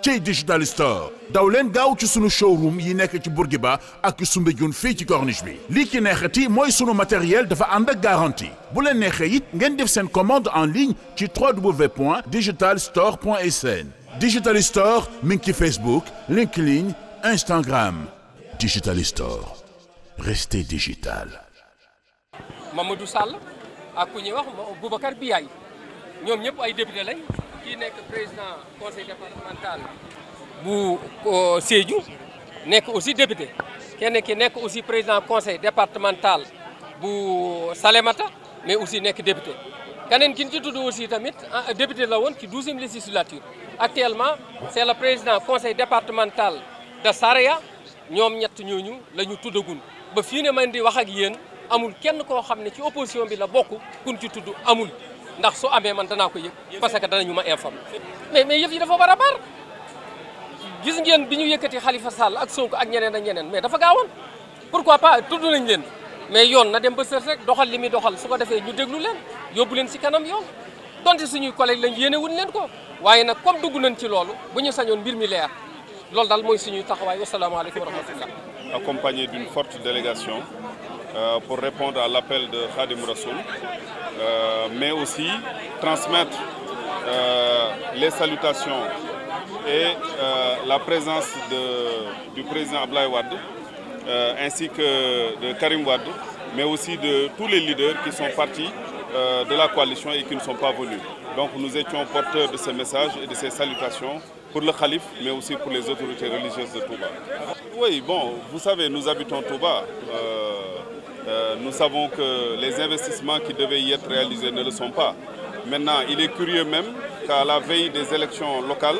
ci digital store daw leen gaaw ci sunu showroom yi nekk ci Bourguiba ak Soumbédioune fii ci corniche bi lii ci neexati mooy sunu matériel dafa ànd ak garantie bu leen neexee it ngeen def seen commande en ligne ci www.digitalstore.sn digital store mi ngi ci Facebook LinkedIn Instagram digital store restez digital. Mamadou Sall ak ku ñuy wax Boubacar Biaye ñoom ñëpp ay député lañ. kii nekk président conseil départemental bu euh, Sédhiou nekk aussi député kenn ki nekk aussi président conseil départemental bu euh, salemata mais aussi nekk député keneen ki ñu ci tudd aussi tamit ah, député la woon ci douzième législature actuellement c'est le président conseil départemental de Saraya ñoom ñett ñooñu la ñu tuddagun ba fii ne man di wax ak yéen amul kenn koo xam ne ci opposition bi la bokk kun ci tudd amul ndax su amee man danaa ko yëg parce que danañu ma informer mais mais yëf yi dafa war a bar gis ngeen bi ñu yëkkati xalifa Sall ak Sonko ak ñeneen ak ñeneen mais dafa gaawoon pourquoi pas tudd nañ leen mais yoon na dem ba sër rek doxal li muy doxal su ko defee ñu déglu leen yóbbu leen si kanam yoon donte suñuy collègue lañ yéene wuñ leen ko waaye nag comme dugg nañ ci loolu bu ñu sañoon mbir mi leer loolu daal mooy suñuy taxawaay wasalaamaaleykum wa rahmatullah accompagné d'une forte délégation Euh, pour répondre à l'appel de Khadim Rassoul, euh, mais aussi transmettre euh, les salutations et la présence de, du président Ablaï Wad, ainsi que de Karim Wad, mais aussi de tous les leaders qui sont partis de la coalition et qui ne sont pas venus. nous étions porteurs de ces messages et de ces salutations pour le calife, mais aussi pour les autorités religieuses de Touba. Oui, vous savez, nous habitons Touba. Euh, nous savons que les investissements qui devaient y être réalisés ne le sont pas. Maintenant, il est curieux même qu'à la veille des élections locales,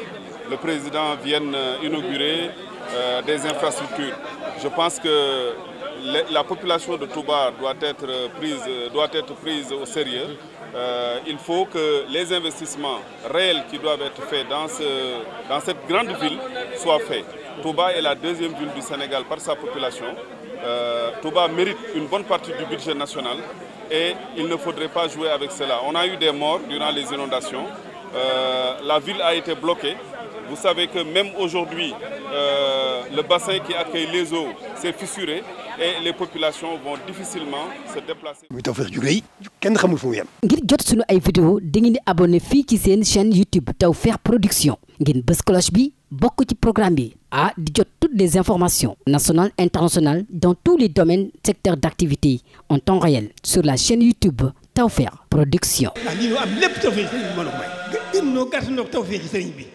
le président vienne euh, inaugurer euh, des infrastructures. Je pense que la population de Touba doit être prise, euh, doit être prise au sérieux. Euh, il faut que les investissements réels qui doivent être faits dans, ce, dans cette grande ville soient faits. Touba est la deuxième ville du Sénégal par sa population. euh, Touba mérite une bonne partie du budget national et il ne faudrait pas jouer avec cela. On a eu des morts durant les inondations. Euh, la ville a été bloquée. Vous savez que même aujourd'hui, euh, le bassin qui accueille les eaux s'est fissuré et les populations vont difficilement se déplacer. muy Tawfekh jugee yi kenn xamul fu mu yem. ngir jot sunu ay vidéo dangeen di abonné fii ci seen chaîne YouTube Tawfekh Production ngeen bës cloche bi. bokk ci programme bi ah di jot toutes les informations nationales internationales dans tous les domaines secteurs d'activité en temps réel sur la chaîne YouTube Tawfekh Production. Ah, am lépp tawfeer ci sëriñ bi